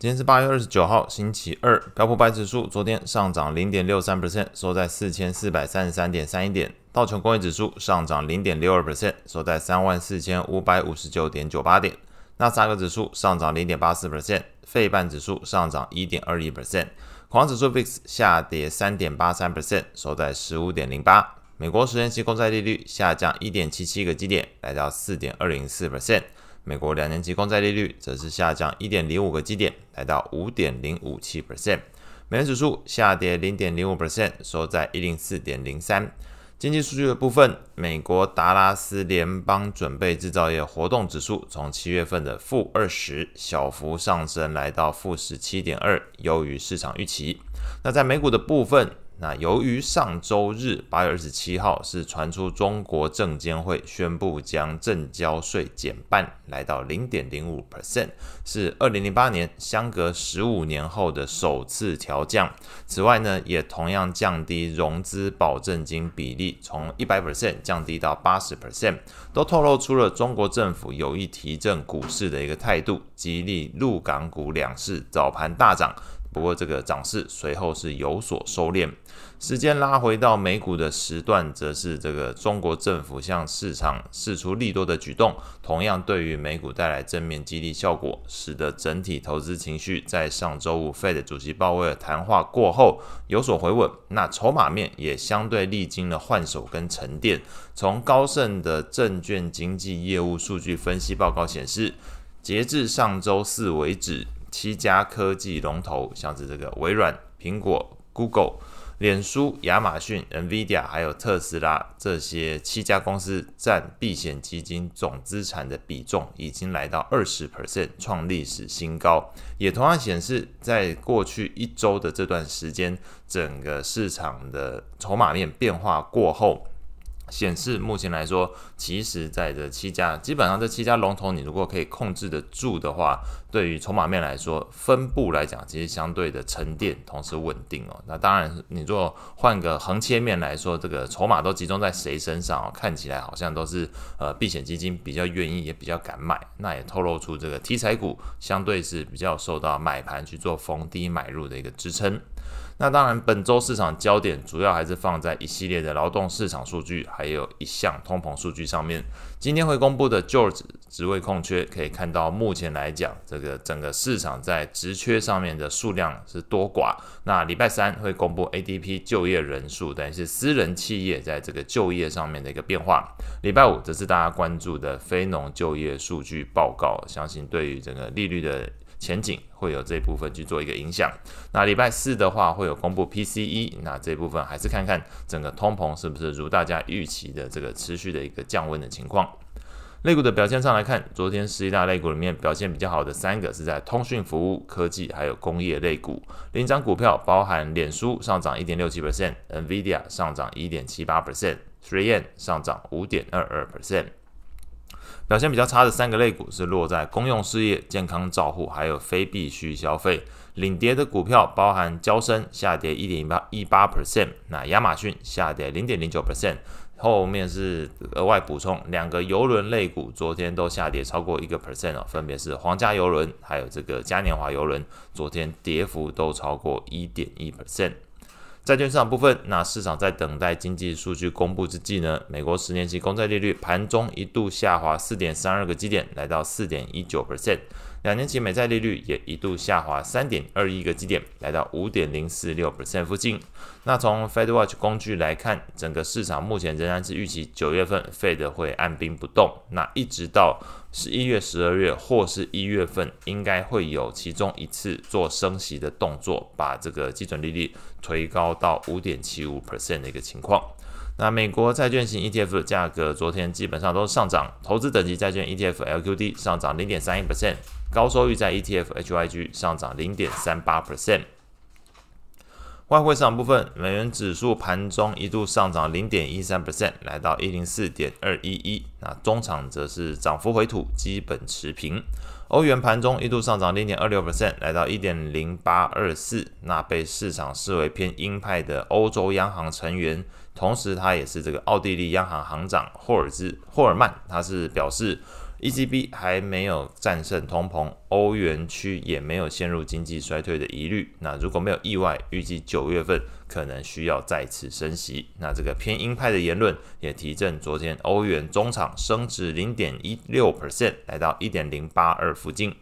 今天是八月二十九號，星期二。標普白指數昨天上漲零點六三百分收在四千四百三十三點三一點。道瓊工業指數上漲零點六二百分收在三萬四千五百五十九點九八點。納斯達克指數上漲零點八四百分，費半指數上漲一點二一百分，恐慌指數 VIX 下跌三點八三百分收在十五點零八。美國十年期公債利率下降一點七七個基點，來到四點二零四百分美國兩年期公債利率則是下降一點零五個基點，來到五點零五七 percent。美元指數下跌零點零五 percent，收在一零四點零三。經濟數據的部分，美國達拉斯聯邦準備製造業活動指數從七月份的負二十小幅上升，來到負十七點二，優於市場預期。那在美股的部分。那由於上週日八月二十七號是傳出中國證監會宣布，將證交稅減半，來到零點零五 percent，是二零零八年相隔十五年後的首次調降。此外呢，也同樣降低融資保證金比例從100，從一百 percent 降低到八十 percent，都透露出了中國政府有意提振股市的一個態度，激勵陸港股兩市早盤大漲。不過，這個漲勢隨後是有所收斂。時間拉回到美股的時段，則是這個中國政府向市場釋出利多的舉動，同樣對於美股帶來正面激勵效果，使得整體投資情緒在上週五 Fed 主席鮑威爾談話過後有所回穩。那籌碼面也相對歷經了換手跟沉澱。從高盛的證券經紀業務數據分析報告顯示，截至上週四為止，七家科技龍頭，像是這個微軟、蘋果、Google、臉書、亞馬遜、NVIDIA，還有特斯拉，這些七家公司佔避險基金總資產的比重已經來到二十 percent，創歷史新高。也同樣顯示，在過去一週的這段時間，整個市場的籌碼面變化過後，顯示目前來說，其實在這七家，基本上這七家龍頭，你如果可以控制得住的話，對於籌碼面來說，分佈來講，其實相對的沉澱，同時穩定哦。那當然，你若換個橫切面來說，這個籌碼都集中在誰身上哦？看起來好像都是呃避險基金比較願意，也比較敢買，那也透露出這個題材股相對是比較受到買盤去做逢低買入的一個支撐。那當然，本週市場焦點主要還是放在一系列的勞動市場數據，還有一項通膨數據上面。今天會公布的 JOLTS 職位空缺，可以看到目前來講，這個整個市場在職缺上面的數量是多寡。那禮拜三會公布 ADP 就業人數，等於是私人企業在這個就業上面的一個變化。禮拜五則是大家關注的非農就業數據報告，相信對於這個利率的。前景會有這一部分去做一個影響。那禮拜四的話會有公布 P C E，那這一部分還是看看整個通膨是不是如大家預期的這個持續的一個降溫的情況。類股的表現上來看，昨天十一大類股裡面表現比較好的三個是在通訊服務、科技還有工業類股。領漲股票包含臉書上漲一點六七 percent，Nvidia 上漲一點七八 percent，Three N 上漲五點二二 percent。表現比較差的三個類股是落在公用事業、健康照護，還有非必需消費。領跌的股票包含交深下跌一點八一八 percent，那亞馬遜下跌零點零九 percent。後面是額外補充兩個郵輪類股，昨天都下跌超過一個 percent 哦，分別是皇家郵輪還有這個嘉年華郵輪，昨天跌幅都超過一點一 percent。債券市場部分，那市場在等待經濟數據公布之際呢，美國十年期公債利率盤中一度下滑四點三二個基點，來到四點一九 percent。兩年期美債利率也一度下滑三點二一個基點，來到五點零四六 percent 附近。那從 Fed Watch 工具來看，整個市場目前仍然是預期九月份 Fed 會按兵不動，那一直到十一月、十二月或是一月份，應該會有其中一次做升息的動作，把這個基準利率推高到五點七五 percent 的一個情況。那美國債券型 ETF 的價格昨天基本上都上漲，投資等級債券 ETF LQD 上漲零點三一 percent，高收益債 ETF HYG 上漲零點三八 percent。外匯市場部分，美元指數盤中一度上漲零點一三 percent，來到一零四點二一一，那中場則是漲幅回吐，基本持平。歐元盤中一度上漲零點二六 percent，來到一點零八二四。那被市場視為偏鷹派的歐洲央行成員，同時他也是這個奧地利央行行長霍爾茲霍爾曼，他是表示 ECB 還沒有戰勝通膨，歐元區也沒有陷入經濟衰退的疑慮。那如果沒有意外，預計九月份。可能需要再次升息，那這個偏鷹派的言論也提振昨天歐元中場升值零點一六 percent，來到一點零八二附近。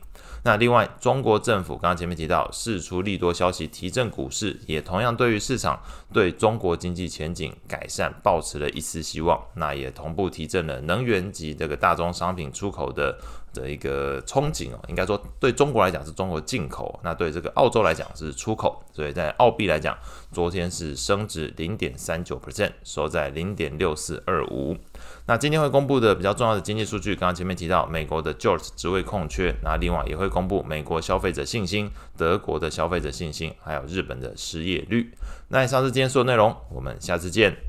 那另外，中國政府剛剛前面提到釋出利多消息提振股市，也同樣對於市場對中國經濟前景改善抱持了一絲希望，那也同步提振了能源及這個大宗商品出口的，的一個憧憬哦，應該說對中國來講是中國進口，那對這個澳洲來講是出口，所以在澳幣來講，昨天是升值零點三九 percent，收在零點六四二五。那今天會公布的比較重要的經濟數據，剛剛前面提到美國的 JOLTS 職位空缺，那另外也會公布美國消費者信心、德國的消費者信心，還有日本的失業率。那以上是今天所有內容，我們下次見。